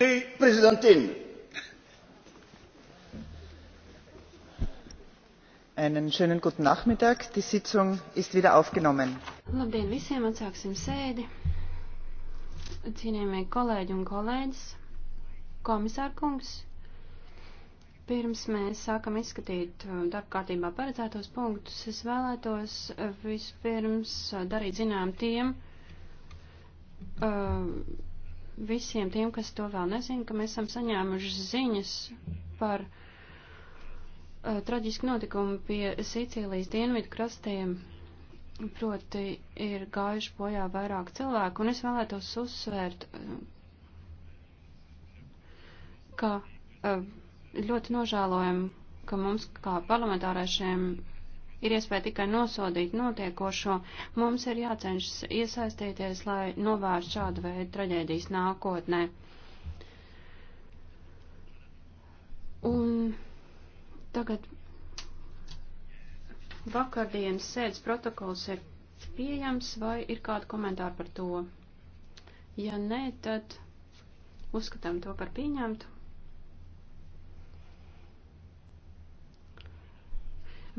die Präsidentin! Einen schönen guten Nachmittag. Die Sitzung ist wieder aufgenommen. Labdien visiem, atsāksim sēdi. Cienījamie kolēģi un kolēģis, komisārkungs, Pirms mēs sākam izskatīt uh, darba kārtībā paredzētos punktus, es vēlētos uh, vispirms uh, darīt zinām tiem, uh, visiem tiem, kas to vēl nezina, ka mēs esam saņēmuši ziņas par uh, traģisku notikumu pie Sīcijas dienvidu krastiem. Proti ir gājuši bojā vairāk cilvēku, un es vēlētos uzsvērt, ka uh, ļoti nožēlojam, ka mums kā parlamentāriešiem ir iespēja tikai nosodīt notiekošo, mums ir jācenšas iesaistīties, lai novērst šādu veidu traģēdijas nākotnē. Un tagad vakardienas sēdes protokols ir pieejams vai ir kādi komentāri par to? Ja nē, tad uzskatām to par pieņemtu.